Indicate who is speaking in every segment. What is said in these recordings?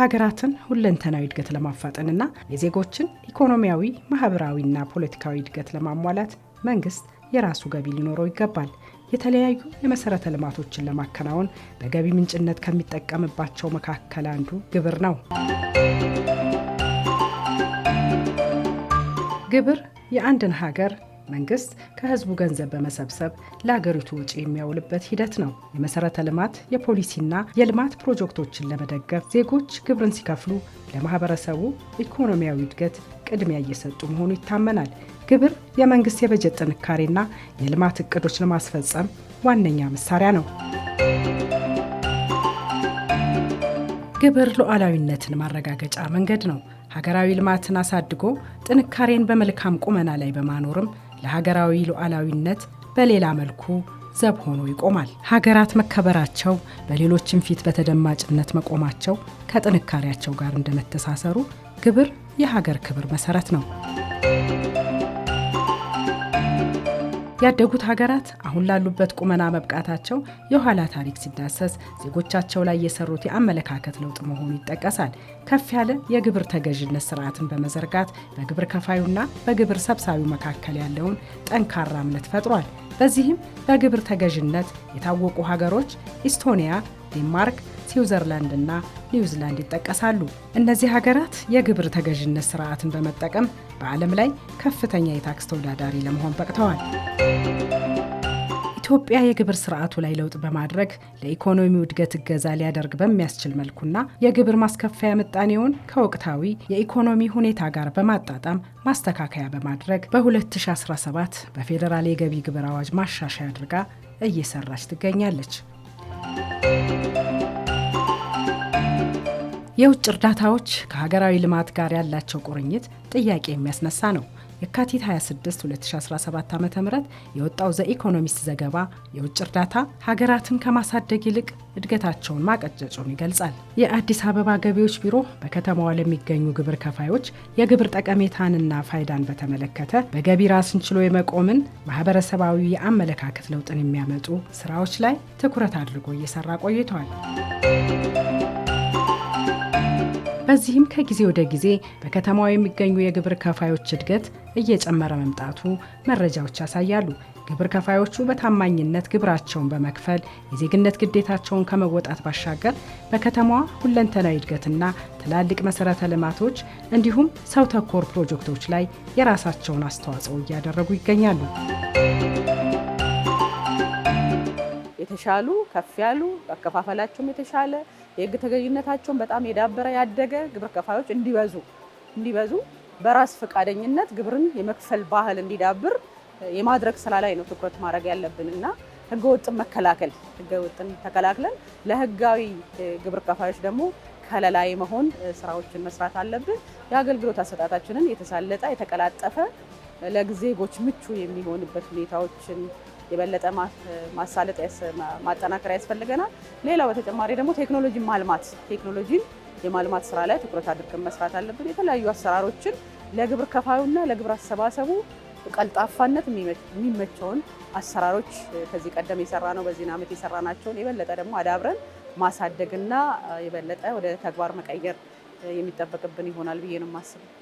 Speaker 1: የሀገራትን ሁለንተናዊ እድገት ለማፋጠንና የዜጎችን ኢኮኖሚያዊ፣ ማህበራዊና ፖለቲካዊ እድገት ለማሟላት መንግስት የራሱ ገቢ ሊኖረው ይገባል። የተለያዩ የመሰረተ ልማቶችን ለማከናወን በገቢ ምንጭነት ከሚጠቀምባቸው መካከል አንዱ ግብር ነው። ግብር የአንድን ሀገር መንግስት ከህዝቡ ገንዘብ በመሰብሰብ ለአገሪቱ ወጪ የሚያውልበት ሂደት ነው። የመሰረተ ልማት የፖሊሲና የልማት ፕሮጀክቶችን ለመደገፍ ዜጎች ግብርን ሲከፍሉ ለማህበረሰቡ ኢኮኖሚያዊ እድገት ቅድሚያ እየሰጡ መሆኑ ይታመናል። ግብር የመንግስት የበጀት ጥንካሬና የልማት እቅዶች ለማስፈጸም ዋነኛ መሳሪያ ነው። ግብር ሉዓላዊነትን ማረጋገጫ መንገድ ነው። ሀገራዊ ልማትን አሳድጎ ጥንካሬን በመልካም ቁመና ላይ በማኖርም ለሀገራዊ ሉዓላዊነት በሌላ መልኩ ዘብ ሆኖ ይቆማል። ሀገራት መከበራቸው በሌሎችም ፊት በተደማጭነት መቆማቸው ከጥንካሬያቸው ጋር እንደመተሳሰሩ ግብር የሀገር ክብር መሰረት ነው። ያደጉት ሀገራት አሁን ላሉበት ቁመና መብቃታቸው የኋላ ታሪክ ሲዳሰስ ዜጎቻቸው ላይ የሰሩት የአመለካከት ለውጥ መሆኑ ይጠቀሳል። ከፍ ያለ የግብር ተገዥነት ስርዓትን በመዘርጋት በግብር ከፋዩና በግብር ሰብሳቢው መካከል ያለውን ጠንካራ እምነት ፈጥሯል። በዚህም በግብር ተገዥነት የታወቁ ሀገሮች ኢስቶኒያ፣ ዴንማርክ ስዊዘርላንድ እና ኒውዚላንድ ይጠቀሳሉ። እነዚህ ሀገራት የግብር ተገዥነት ስርዓትን በመጠቀም በዓለም ላይ ከፍተኛ የታክስ ተወዳዳሪ ለመሆን በቅተዋል። ኢትዮጵያ የግብር ስርዓቱ ላይ ለውጥ በማድረግ ለኢኮኖሚው እድገት እገዛ ሊያደርግ በሚያስችል መልኩና የግብር ማስከፈያ ምጣኔውን ከወቅታዊ የኢኮኖሚ ሁኔታ ጋር በማጣጣም ማስተካከያ በማድረግ በ2017 በፌዴራል የገቢ ግብር አዋጅ ማሻሻያ አድርጋ እየሰራች ትገኛለች። የውጭ እርዳታዎች ከሀገራዊ ልማት ጋር ያላቸው ቁርኝት ጥያቄ የሚያስነሳ ነው። የካቲት 26 2017 ዓ ም የወጣው ዘኢኮኖሚስት ዘገባ የውጭ እርዳታ ሀገራትን ከማሳደግ ይልቅ እድገታቸውን ማቀጨጩን ይገልጻል። የአዲስ አበባ ገቢዎች ቢሮ በከተማዋ ለሚገኙ ግብር ከፋዮች የግብር ጠቀሜታንና ፋይዳን በተመለከተ በገቢ ራስን ችሎ የመቆምን ማህበረሰባዊ የአመለካከት ለውጥን የሚያመጡ ስራዎች ላይ ትኩረት አድርጎ እየሰራ ቆይቷል። በዚህም ከጊዜ ወደ ጊዜ በከተማዋ የሚገኙ የግብር ከፋዮች እድገት እየጨመረ መምጣቱ መረጃዎች ያሳያሉ። ግብር ከፋዮቹ በታማኝነት ግብራቸውን በመክፈል የዜግነት ግዴታቸውን ከመወጣት ባሻገር በከተማዋ ሁለንተናዊ እድገትና ትላልቅ መሰረተ ልማቶች እንዲሁም ሰው ተኮር ፕሮጀክቶች ላይ የራሳቸውን አስተዋጽኦ እያደረጉ ይገኛሉ።
Speaker 2: የተሻሉ ከፍ ያሉ አከፋፈላቸውም የተሻለ የህግ ተገዥነታቸውን በጣም የዳበረ ያደገ ግብር ከፋዮች እንዲበዙ እንዲበዙ በራስ ፈቃደኝነት ግብርን የመክፈል ባህል እንዲዳብር የማድረግ ስራ ላይ ነው ትኩረት ማድረግ ያለብን እና ህገወጥን መከላከል ህገወጥን ተከላክለን ለህጋዊ ግብር ከፋዮች ደግሞ ከለላ መሆን ስራዎችን መስራት አለብን። የአገልግሎት አሰጣታችንን የተሳለጠ የተቀላጠፈ ለዜጎች ምቹ የሚሆንበት ሁኔታዎችን የበለጠ ማሳለጥ ማጠናከር ያስፈልገናል። ሌላው በተጨማሪ ደግሞ ቴክኖሎጂ ማልማት ቴክኖሎጂን የማልማት ስራ ላይ ትኩረት አድርገን መስራት አለብን። የተለያዩ አሰራሮችን ለግብር ከፋዩና ለግብር አሰባሰቡ ቀልጣፋነት የሚመቸውን አሰራሮች ከዚህ ቀደም የሰራ ነው በዚህን ዓመት የሰራ ናቸውን የበለጠ ደግሞ አዳብረን ማሳደግና የበለጠ ወደ ተግባር መቀየር የሚጠበቅብን ይሆናል ብዬ ነው የማስበው።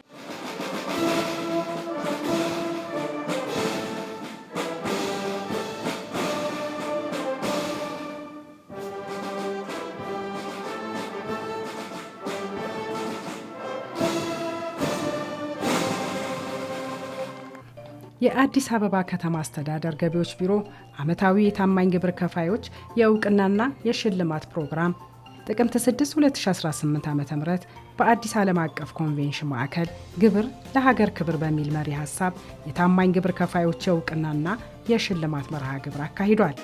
Speaker 1: የአዲስ አበባ ከተማ አስተዳደር ገቢዎች ቢሮ ዓመታዊ የታማኝ ግብር ከፋዮች የእውቅናና የሽልማት ፕሮግራም ጥቅምት 6 2018 ዓ ም በአዲስ ዓለም አቀፍ ኮንቬንሽን ማዕከል ግብር ለሀገር ክብር በሚል መሪ ሀሳብ የታማኝ ግብር ከፋዮች የእውቅናና የሽልማት መርሃ ግብር አካሂዷል።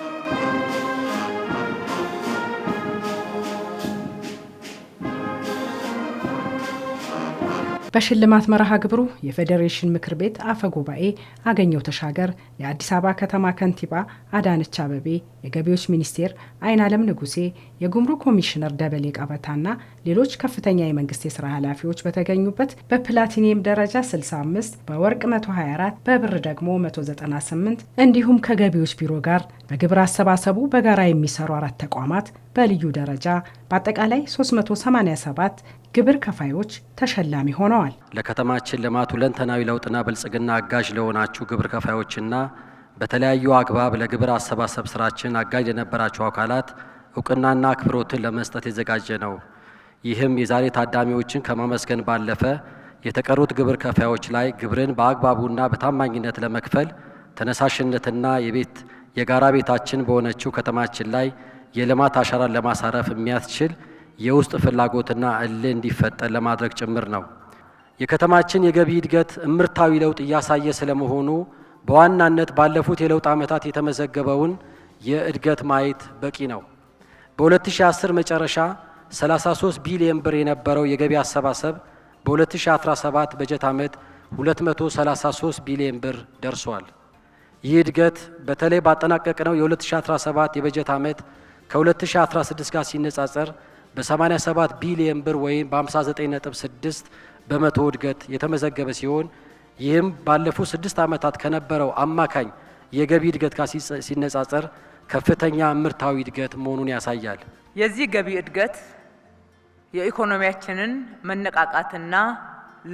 Speaker 1: በሽልማት መርሃ ግብሩ የፌዴሬሽን ምክር ቤት አፈ ጉባኤ አገኘው ተሻገር፣ የአዲስ አበባ ከተማ ከንቲባ አዳነች አበቤ፣ የገቢዎች ሚኒስቴር አይናለም ንጉሴ፣ የጉምሩክ ኮሚሽነር ደበሌ ቀበታና ሌሎች ከፍተኛ የመንግስት የስራ ኃላፊዎች በተገኙበት በፕላቲኒየም ደረጃ 65 በወርቅ 124 በብር ደግሞ 198 እንዲሁም ከገቢዎች ቢሮ ጋር በግብር አሰባሰቡ በጋራ የሚሰሩ አራት ተቋማት በልዩ ደረጃ በአጠቃላይ 387 ግብር ከፋዮች ተሸላሚ ሆነዋል።
Speaker 3: ለከተማችን ልማት ሁለንተናዊ ለውጥና ብልጽግና አጋዥ ለሆናችሁ ግብር ከፋዮችና በተለያዩ አግባብ ለግብር አሰባሰብ ስራችን አጋዥ ለነበራቸው አካላት እውቅናና አክብሮትን ለመስጠት የዘጋጀ ነው። ይህም የዛሬ ታዳሚዎችን ከማመስገን ባለፈ የተቀሩት ግብር ከፋዮች ላይ ግብርን በአግባቡና በታማኝነት ለመክፈል ተነሳሽነትና የቤት የጋራ ቤታችን በሆነችው ከተማችን ላይ የልማት አሻራን ለማሳረፍ የሚያስችል የውስጥ ፍላጎትና እልህ እንዲፈጠር ለማድረግ ጭምር ነው። የከተማችን የገቢ እድገት እምርታዊ ለውጥ እያሳየ ስለመሆኑ በዋናነት ባለፉት የለውጥ ዓመታት የተመዘገበውን የእድገት ማየት በቂ ነው። በ2010 መጨረሻ 33 ቢሊዮን ብር የነበረው የገቢ አሰባሰብ በ2017 በጀት ዓመት 233 ቢሊዮን ብር ደርሷል። ይህ እድገት በተለይ ባጠናቀቅነው የ2017 የበጀት ዓመት ከ2016 ጋር ሲነጻጸር በ87 ቢሊየን ብር ወይም በ59.6 በመቶ እድገት የተመዘገበ ሲሆን ይህም ባለፉት ስድስት ዓመታት ከነበረው አማካኝ የገቢ እድገት ጋር ሲነጻጸር ከፍተኛ ምርታዊ እድገት መሆኑን ያሳያል።
Speaker 4: የዚህ ገቢ እድገት የኢኮኖሚያችንን መነቃቃትና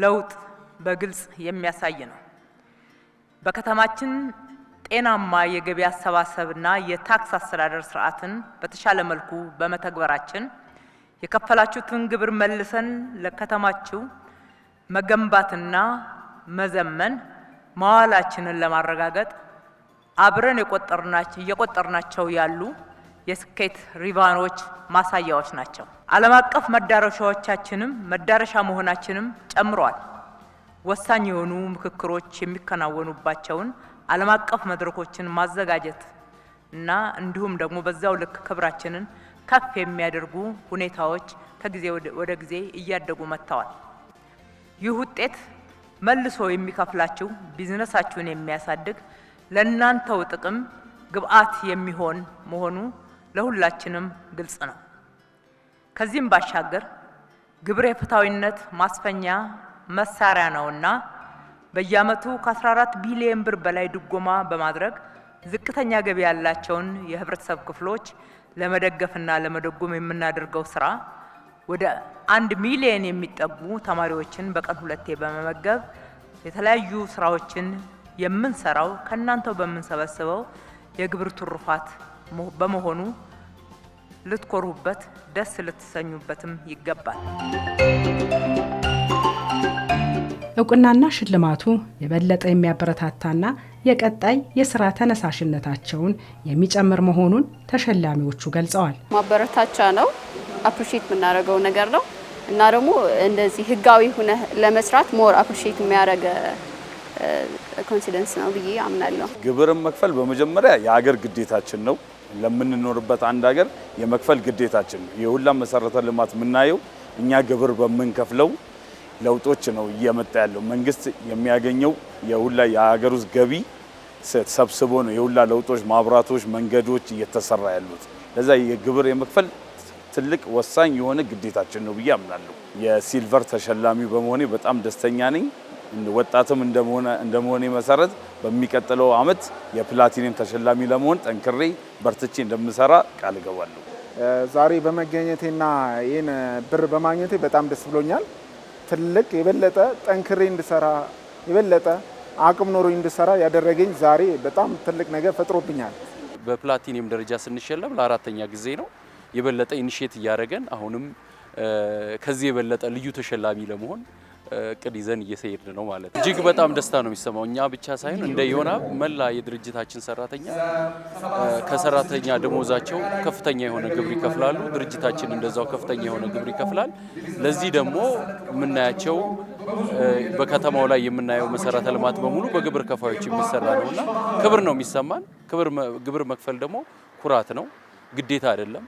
Speaker 4: ለውጥ በግልጽ የሚያሳይ ነው። በከተማችን ጤናማ የገቢ አሰባሰብና የታክስ አስተዳደር ስርዓትን በተሻለ መልኩ በመተግበራችን የከፈላችሁትን ግብር መልሰን ለከተማችሁ መገንባትና መዘመን መዋላችንን ለማረጋገጥ አብረን እየቆጠርናቸው ያሉ የስኬት ሪቫኖች ማሳያዎች ናቸው። ዓለም አቀፍ መዳረሻዎቻችንም መዳረሻ መሆናችንም ጨምሯል። ወሳኝ የሆኑ ምክክሮች የሚከናወኑባቸውን ዓለም አቀፍ መድረኮችን ማዘጋጀት እና እንዲሁም ደግሞ በዛው ልክ ክብራችንን ከፍ የሚያደርጉ ሁኔታዎች ከጊዜ ወደ ጊዜ እያደጉ መጥተዋል። ይህ ውጤት መልሶ የሚከፍላችሁ ቢዝነሳችሁን የሚያሳድግ ለእናንተው ጥቅም ግብአት የሚሆን መሆኑ ለሁላችንም ግልጽ ነው። ከዚህም ባሻገር ግብር የፍትሐዊነት ማስፈኛ መሳሪያ ነውና በየዓመቱ ከ14 ቢሊዮን ብር በላይ ድጎማ በማድረግ ዝቅተኛ ገቢ ያላቸውን የህብረተሰብ ክፍሎች ለመደገፍና ለመደጎም የምናደርገው ስራ ወደ አንድ ሚሊየን የሚጠጉ ተማሪዎችን በቀን ሁለቴ በመመገብ የተለያዩ ስራዎችን የምንሰራው ከእናንተው በምንሰበስበው የግብር ትሩፋት በመሆኑ ልትኮሩበት፣ ደስ ልትሰኙበትም ይገባል።
Speaker 1: እውቅናና ሽልማቱ የበለጠ የሚያበረታታና የቀጣይ የስራ ተነሳሽነታቸውን የሚጨምር መሆኑን ተሸላሚዎቹ ገልጸዋል።
Speaker 5: ማበረታቻ ነው፣ አፕሪሼት የምናደርገው ነገር ነው እና ደግሞ እንደዚህ ህጋዊ ሆነ ለመስራት ሞር አፕሪሼት የሚያደርገ ኮንሲደንስ ነው ብዬ አምናለሁ።
Speaker 6: ግብርን መክፈል በመጀመሪያ የሀገር ግዴታችን ነው። ለምንኖርበት አንድ ሀገር የመክፈል ግዴታችን ነው። የሁላም መሰረተ ልማት የምናየው እኛ ግብር በምንከፍለው ለውጦች ነው እየመጣ ያለው። መንግስት የሚያገኘው የሁላ የሀገር ውስጥ ገቢ ሰብስቦ ነው የሁላ ለውጦች፣ ማብራቶች፣ መንገዶች እየተሰራ ያሉት። ለዛ የግብር የመክፈል ትልቅ ወሳኝ የሆነ ግዴታችን ነው ብዬ አምናለሁ። የሲልቨር ተሸላሚ በመሆኔ በጣም ደስተኛ ነኝ። ወጣትም እንደመሆኔ መሰረት በሚቀጥለው አመት የፕላቲኒየም ተሸላሚ ለመሆን ጠንክሬ በርትቼ እንደምሰራ ቃል እገባለሁ።
Speaker 7: ዛሬ በመገኘቴና ይህን ብር በማግኘቴ በጣም ደስ ብሎኛል። ትልቅ የበለጠ ጠንክሬ እንድሰራ የበለጠ አቅም ኖሮኝ እንድሰራ ያደረገኝ ዛሬ በጣም ትልቅ ነገር ፈጥሮብኛል።
Speaker 8: በፕላቲኒየም ደረጃ ስንሸለም ለአራተኛ ጊዜ ነው። የበለጠ ኢኒሼት እያደረገን አሁንም ከዚህ የበለጠ ልዩ ተሸላሚ ለመሆን እቅድ ይዘን እየሰሄድ ነው ማለት ነው። እጅግ በጣም ደስታ ነው የሚሰማው። እኛ ብቻ ሳይሆን እንደ ዮና መላ የድርጅታችን ሰራተኛ ከሰራተኛ ደሞዛቸው ከፍተኛ የሆነ ግብር ይከፍላሉ። ድርጅታችን እንደዛው ከፍተኛ የሆነ ግብር ይከፍላል። ለዚህ ደግሞ የምናያቸው በከተማው ላይ የምናየው መሰረተ ልማት በሙሉ በግብር ከፋዮች የሚሰራ ነውና ክብር ነው የሚሰማን። ግብር መክፈል ደግሞ ኩራት ነው፣ ግዴታ አይደለም፣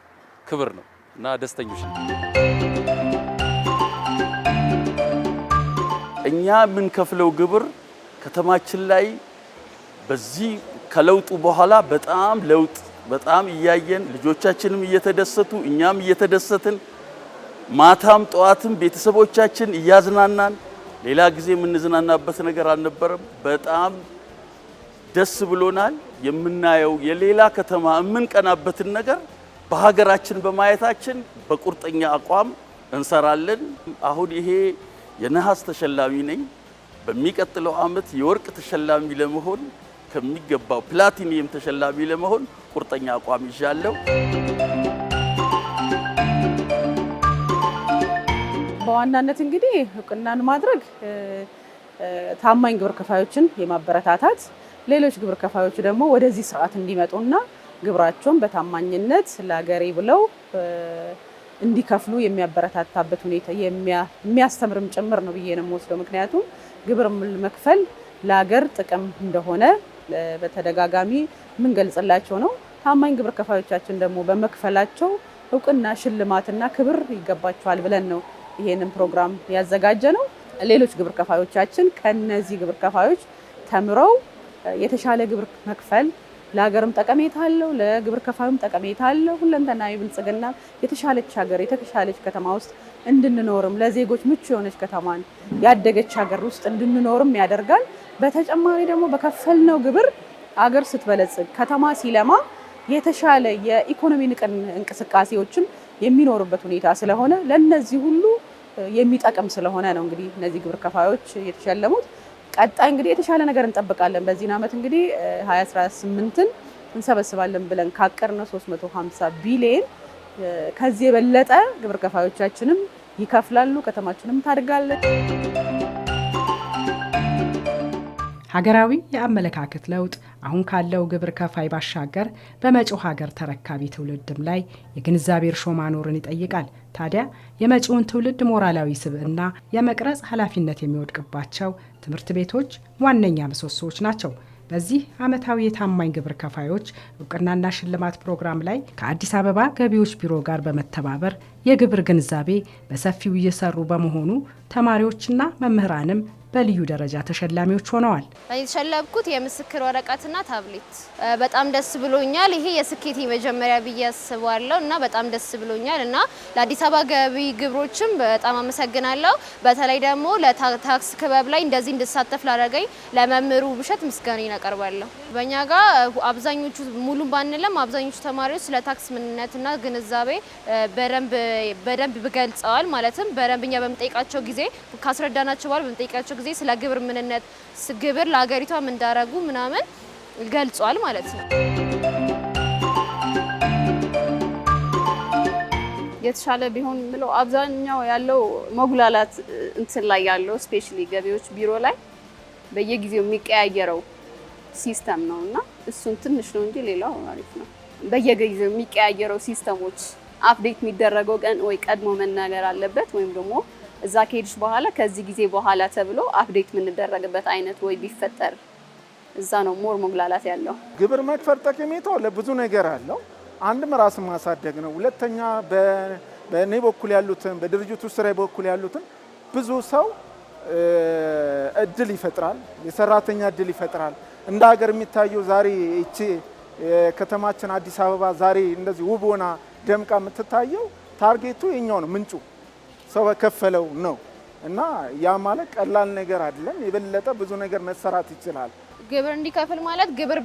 Speaker 8: ክብር ነው እና ደስተኞች ነው።
Speaker 9: እኛ የምንከፍለው ግብር ከተማችን ላይ በዚህ ከለውጡ በኋላ በጣም ለውጥ በጣም እያየን ልጆቻችንም እየተደሰቱ እኛም እየተደሰትን ማታም ጠዋትም ቤተሰቦቻችን እያዝናናን ሌላ ጊዜ የምንዝናናበት ነገር አልነበረም። በጣም ደስ ብሎናል። የምናየው የሌላ ከተማ የምንቀናበትን ነገር በሀገራችን በማየታችን በቁርጠኛ አቋም እንሰራለን። አሁን ይሄ የነሐስ ተሸላሚ ነኝ። በሚቀጥለው ዓመት የወርቅ ተሸላሚ ለመሆን ከሚገባው ፕላቲኒየም ተሸላሚ ለመሆን ቁርጠኛ አቋም ይዣለሁ።
Speaker 2: በዋናነት እንግዲህ እውቅናን ማድረግ ታማኝ ግብር ከፋዮችን የማበረታታት ሌሎች ግብር ከፋዮቹ ደግሞ ወደዚህ ስርዓት እንዲመጡና ግብራቸውን በታማኝነት ለሀገሬ ብለው እንዲከፍሉ የሚያበረታታበት ሁኔታ የሚያስተምርም ጭምር ነው ብዬ ነው የምወስደው። ምክንያቱም ግብር መክፈል ለሀገር ጥቅም እንደሆነ በተደጋጋሚ የምንገልጽላቸው ነው። ታማኝ ግብር ከፋዮቻችን ደግሞ በመክፈላቸው እውቅና፣ ሽልማትና ክብር ይገባቸዋል ብለን ነው ይሄንን ፕሮግራም ያዘጋጀ ነው። ሌሎች ግብር ከፋዮቻችን ከነዚህ ግብር ከፋዮች ተምረው የተሻለ ግብር መክፈል ለሀገርም ጠቀሜታ አለው፣ ለግብር ከፋዩም ጠቀሜታ አለው። ሁለንተናዊ ብልጽግና የተሻለች ሀገር የተሻለች ከተማ ውስጥ እንድንኖርም ለዜጎች ምቹ የሆነች ከተማን ያደገች ሀገር ውስጥ እንድንኖርም ያደርጋል። በተጨማሪ ደግሞ በከፈልነው ግብር አገር ስትበለጽግ ከተማ ሲለማ የተሻለ የኢኮኖሚ ንቅን እንቅስቃሴዎችም የሚኖሩበት ሁኔታ ስለሆነ ለእነዚህ ሁሉ የሚጠቅም ስለሆነ ነው እንግዲህ እነዚህ ግብር ከፋዮች የተሸለሙት። ቀጣይ እንግዲህ የተሻለ ነገር እንጠብቃለን። በዚህን ዓመት እንግዲህ 2018ን እንሰበስባለን ብለን ካቀድነው 350 ቢሊየን ከዚህ የበለጠ ግብር ከፋዮቻችንም ይከፍላሉ፣ ከተማችንም ታድጋለች።
Speaker 1: ሀገራዊ የአመለካከት ለውጥ አሁን ካለው ግብር ከፋይ ባሻገር በመጪው ሀገር ተረካቢ ትውልድም ላይ የግንዛቤ እርሾ ማኖርን ይጠይቃል። ታዲያ የመጪውን ትውልድ ሞራላዊ ስብዕና የመቅረጽ ኃላፊነት የሚወድቅባቸው ትምህርት ቤቶች ዋነኛ ምሰሶዎች ናቸው። በዚህ ዓመታዊ የታማኝ ግብር ከፋዮች እውቅናና ሽልማት ፕሮግራም ላይ ከአዲስ አበባ ገቢዎች ቢሮ ጋር በመተባበር የግብር ግንዛቤ በሰፊው እየሰሩ በመሆኑ ተማሪዎችና መምህራንም በልዩ ደረጃ ተሸላሚዎች ሆነዋል።
Speaker 10: የተሸለምኩት የምስክር ወረቀትና ታብሌት በጣም ደስ ብሎኛል። ይሄ የስኬቴ መጀመሪያ ብዬ አስባለሁ እና በጣም ደስ ብሎኛል እና ለአዲስ አበባ ገቢ ግብሮችም በጣም አመሰግናለሁ። በተለይ ደግሞ ለታክስ ክበብ ላይ እንደዚህ እንድሳተፍ ላደረገኝ ለመምህሩ ብሸት ምስጋና አቀርባለሁ። በእኛ ጋር አብዛኞቹ ሙሉም ባንለም አብዛኞቹ ተማሪዎች ስለ ታክስ ምንነትና ግንዛቤ በደንብ ገልጸዋል። ማለትም በደንብ እኛ በምንጠይቃቸው ጊዜ ካስረዳናቸው በኋላ በምንጠይቃቸው ጊዜ ስለ ግብር ምንነት፣ ግብር ለሀገሪቷ እንዳረጉ ምናምን ገልጿል ማለት ነው።
Speaker 11: የተሻለ ቢሆን ብለው አብዛኛው ያለው መጉላላት እንትን ላይ ያለው ስፔሻሊ ገቢዎች ቢሮ ላይ በየጊዜው የሚቀያየረው ሲስተም ነው እና እሱን ትንሽ ነው እንጂ ሌላው አሪፍ ነው። በየጊዜው የሚቀያየረው ሲስተሞች አፕዴት የሚደረገው ቀን ወይ ቀድሞ መናገር አለበት ወይም ደግሞ እዛ ከሄድሽ በኋላ ከዚህ ጊዜ በኋላ ተብሎ አፕዴት የምንደረግበት አይነት ወይ ቢፈጠር እዛ ነው ሞር ሞግላላት ያለው።
Speaker 12: ግብር መክፈል ጠቀሜታው ለብዙ ነገር አለው። አንድም ራስን ማሳደግ ነው። ሁለተኛ በእኔ በኩል ያሉትን በድርጅቱ ስራ በኩል ያሉትን ብዙ ሰው እድል ይፈጥራል፣ የሰራተኛ እድል ይፈጥራል። እንደ ሀገር የሚታየው ዛሬ እቺ ከተማችን አዲስ አበባ ዛሬ እንደዚህ ውብ ሆና ደምቃ የምትታየው ታርጌቱ የኛው ነው፣ ምንጩ ሰው በከፈለው ነው። እና ያ ማለት ቀላል ነገር አይደለም። የበለጠ ብዙ ነገር መሰራት ይችላል።
Speaker 13: ግብር እንዲከፍል ማለት ግብር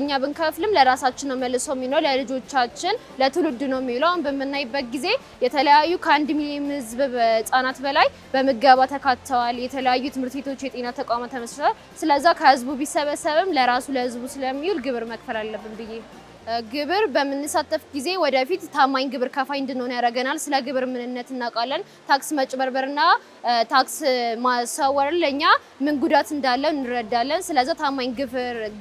Speaker 13: እኛ ብንከፍልም ለራሳችን ነው መልሶ የሚለው ለልጆቻችን ለትውልድ ነው የሚለው። አሁን በምናይበት ጊዜ የተለያዩ ከአንድ ሚሊዮን ህዝብ ህጻናት በላይ በምገባ ተካተዋል። የተለያዩ ትምህርት ቤቶች፣ የጤና ተቋማት ተመስርተዋል። ስለዛ ከህዝቡ ቢሰበሰብም ለራሱ ለህዝቡ ስለሚውል ግብር መክፈል አለብን ብዬ ግብር በምንሳተፍ ጊዜ ወደፊት ታማኝ ግብር ከፋይ እንድንሆን ያደርገናል። ስለ ግብር ምንነት እናውቃለን። ታክስ መጭበርበርና ታክስ ማሰወር ለእኛ ምን ጉዳት እንዳለው እንረዳለን። ስለዚ ታማኝ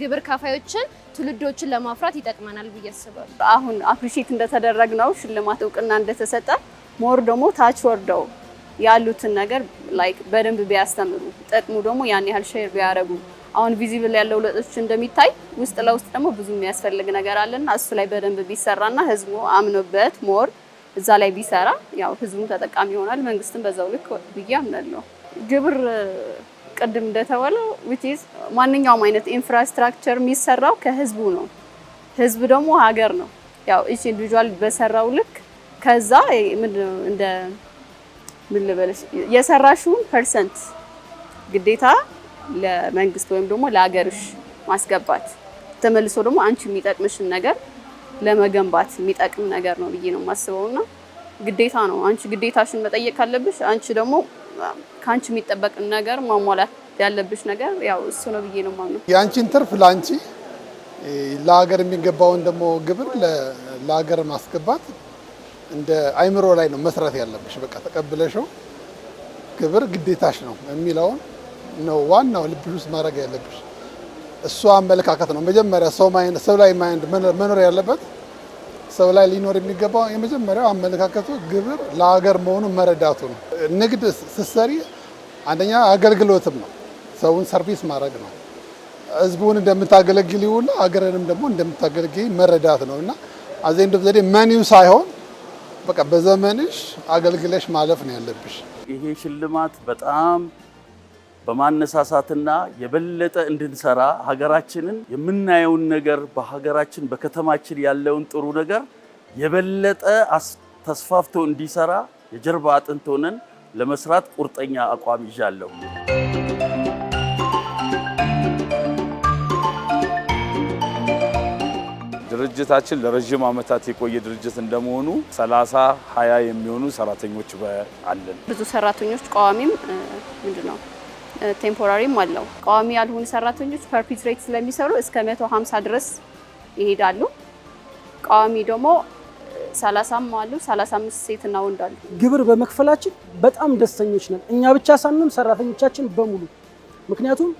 Speaker 13: ግብር ከፋዮችን ትውልዶችን ለማፍራት ይጠቅመናል ብዬ አስባለሁ።
Speaker 14: አሁን አፕሪሼት ነው ሽልማት እውቅና እንደተሰጠ ሞር ደግሞ ታች ወርደው ያሉትን ነገር ላይክ በደንብ ቢያስተምሩ ጠቅሙ ደግሞ ያን ያህል ሼር ቢያደርጉ አሁን ቪዚብል ያለው ለጦች እንደሚታይ ውስጥ ለውስጥ ደግሞ ብዙ የሚያስፈልግ ነገር አለና እሱ ላይ በደንብ ቢሰራና ህዝቡ አምኖበት ሞር እዛ ላይ ቢሰራ ያው ህዝቡም ተጠቃሚ ይሆናል፣ መንግስትም በዛው ልክ ብዬ አምናለሁ። ግብር ቅድም እንደተባለው ዊቲዝ ማንኛውም አይነት ኢንፍራስትራክቸር የሚሰራው ከህዝቡ ነው። ህዝብ ደግሞ ሀገር ነው። ያው እቺ ኢንዲቪጁዋል በሰራው ልክ ከዛ እንደ ምን ልበለሽ የሰራሽውን ፐርሰንት ግዴታ ለመንግስት ወይም ደግሞ ለሀገርሽ ማስገባት ተመልሶ ደግሞ አንቺ የሚጠቅምሽን ነገር ለመገንባት የሚጠቅም ነገር ነው ብዬ ነው የማስበው። እና ግዴታ ነው አንቺ ግዴታሽን መጠየቅ ካለብሽ፣ አንቺ ደግሞ ከአንቺ የሚጠበቅ ነገር ማሟላት ያለብሽ ነገር ያው እሱ ነው ብዬ ነው ማምነው።
Speaker 12: የአንቺን ትርፍ ለአንቺ ለሀገር የሚገባውን ደግሞ ግብር ለሀገር ማስገባት እንደ አይምሮ ላይ ነው መስራት ያለብሽ። በቃ ተቀብለሽው ግብር ግዴታሽ ነው የሚለውን ነው ዋናው ልብሽ ውስጥ ማድረግ ያለብሽ። እሱ አመለካከት ነው መጀመሪያ ሰው ላይ ማይንድ መኖር ያለበት ሰው ላይ ሊኖር የሚገባው የመጀመሪያው አመለካከቱ ግብር ለሀገር መሆኑን መረዳቱ ነው። ንግድ ስትሰሪ አንደኛ አገልግሎትም ነው፣ ሰውን ሰርቪስ ማድረግ ነው። ህዝቡን እንደምታገለግል ይሁን ሀገርንም ደግሞ እንደምታገለግል መረዳት ነው እና አዜንዶ ዘዴ መኒው ሳይሆን በቃ በዘመንሽ አገልግለሽ ማለፍ ነው ያለብሽ።
Speaker 15: ይሄ ሽልማት በጣም በማነሳሳትና የበለጠ እንድንሰራ ሀገራችንን የምናየውን ነገር በሀገራችን በከተማችን ያለውን ጥሩ ነገር የበለጠ ተስፋፍቶ እንዲሰራ የጀርባ አጥንት ሆነን ለመስራት ቁርጠኛ አቋም ይዣለሁ።
Speaker 16: ድርጅታችን ለረዥም ዓመታት የቆየ ድርጅት እንደመሆኑ ሰላሳ ሀያ የሚሆኑ ሰራተኞች አለን።
Speaker 17: ብዙ ሰራተኞች ቋሚም ምንድን ነው ቴምፖራሪም አለው። ቋሚ ያልሆኑ ሰራተኞች ፐርፒትሬት ስለሚሰሩ እስከ 150 ድረስ ይሄዳሉ። ቋሚ ደግሞ 30ም አሉ፣ 35 ሴትና ወንድ አሉ።
Speaker 18: ግብር በመክፈላችን በጣም ደስተኞች ነን፣ እኛ ብቻ ሳንም ሰራተኞቻችን በሙሉ ምክንያቱም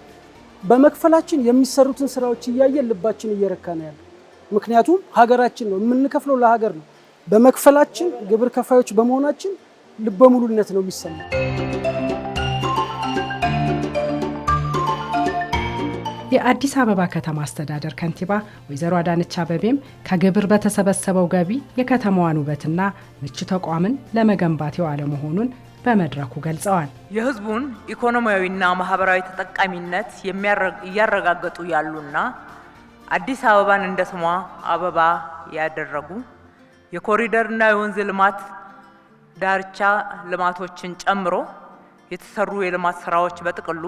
Speaker 18: በመክፈላችን የሚሰሩትን ስራዎች እያየን ልባችን እየረካ ነው ያለ። ምክንያቱም ሀገራችን ነው የምንከፍለው፣ ለሀገር ነው። በመክፈላችን ግብር ከፋዮች በመሆናችን ልበሙሉነት ሙሉነት ነው የሚሰማው።
Speaker 1: የአዲስ አበባ ከተማ አስተዳደር ከንቲባ ወይዘሮ አዳነች አበቤም ከግብር በተሰበሰበው ገቢ የከተማዋን ውበትና ምቹ ተቋምን ለመገንባት የዋለ መሆኑን በመድረኩ ገልጸዋል።
Speaker 4: የሕዝቡን ኢኮኖሚያዊና ማህበራዊ ተጠቃሚነት እያረጋገጡ ያሉና አዲስ አበባን እንደ ስሟ አበባ ያደረጉ የኮሪደርና የወንዝ ልማት ዳርቻ ልማቶችን ጨምሮ የተሰሩ የልማት ስራዎች በጥቅሉ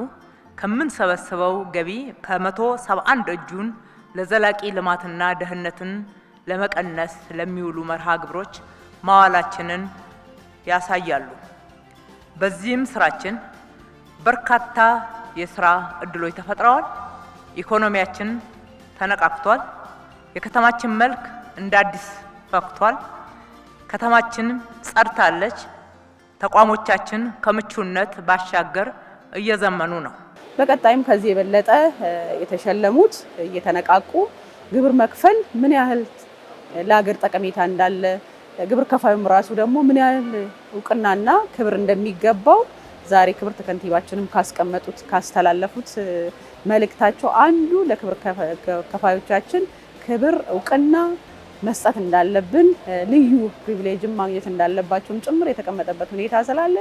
Speaker 4: ከምንሰበስበው ገቢ ከመቶ ሰባ አንድ እጁን ለዘላቂ ልማትና ደህንነትን ለመቀነስ ለሚውሉ መርሃ ግብሮች ማዋላችንን ያሳያሉ። በዚህም ስራችን በርካታ የስራ እድሎች ተፈጥረዋል። ኢኮኖሚያችን ተነቃክቷል። የከተማችን መልክ እንደ አዲስ ፈክቷል። ከተማችን ጸድታለች። ተቋሞቻችን ከምቹነት ባሻገር እየዘመኑ ነው።
Speaker 2: በቀጣይም ከዚህ የበለጠ የተሸለሙት እየተነቃቁ ግብር መክፈል ምን ያህል ለሀገር ጠቀሜታ እንዳለ ግብር ከፋዩም ራሱ ደግሞ ምን ያህል እውቅናና ክብር እንደሚገባው ዛሬ ክብርት ከንቲባችንም ካስቀመጡት ካስተላለፉት መልእክታቸው አንዱ ለክብር ከፋዮቻችን ክብር እውቅና መስጠት እንዳለብን ልዩ ፕሪቪሌጅም ማግኘት እንዳለባቸውም ጭምር የተቀመጠበት ሁኔታ ስላለ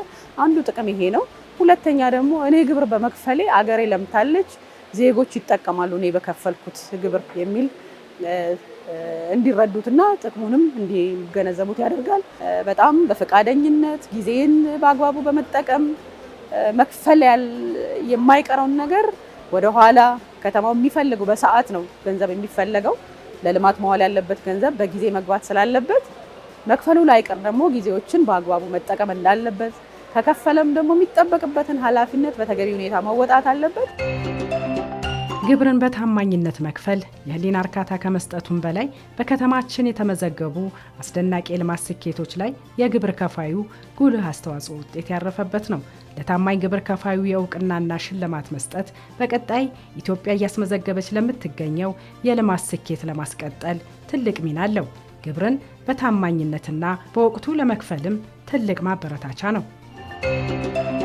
Speaker 2: አንዱ ጥቅም ይሄ ነው። ሁለተኛ ደግሞ እኔ ግብር በመክፈሌ አገሬ ለምታለች፣ ዜጎች ይጠቀማሉ እኔ በከፈልኩት ግብር የሚል እንዲረዱትና ጥቅሙንም እንዲገነዘቡት ያደርጋል። በጣም በፈቃደኝነት ጊዜን በአግባቡ በመጠቀም መክፈል የማይቀረውን ነገር ወደኋላ ከተማው የሚፈልገው በሰዓት ነው ገንዘብ የሚፈለገው ለልማት መዋል ያለበት ገንዘብ በጊዜ መግባት ስላለበት መክፈሉ ላይቀር ደግሞ ጊዜዎችን በአግባቡ መጠቀም እንዳለበት ከከፈለም ደግሞ የሚጠበቅበትን ኃላፊነት በተገቢ ሁኔታ መወጣት አለበት።
Speaker 1: ግብርን በታማኝነት መክፈል የህሊና እርካታ ከመስጠቱም በላይ በከተማችን የተመዘገቡ አስደናቂ የልማት ስኬቶች ላይ የግብር ከፋዩ ጉልህ አስተዋጽኦ ውጤት ያረፈበት ነው። ለታማኝ ግብር ከፋዩ የእውቅናና ሽልማት መስጠት በቀጣይ ኢትዮጵያ እያስመዘገበች ለምትገኘው የልማት ስኬት ለማስቀጠል ትልቅ ሚና አለው። ግብርን በታማኝነትና በወቅቱ ለመክፈልም ትልቅ ማበረታቻ ነው። Música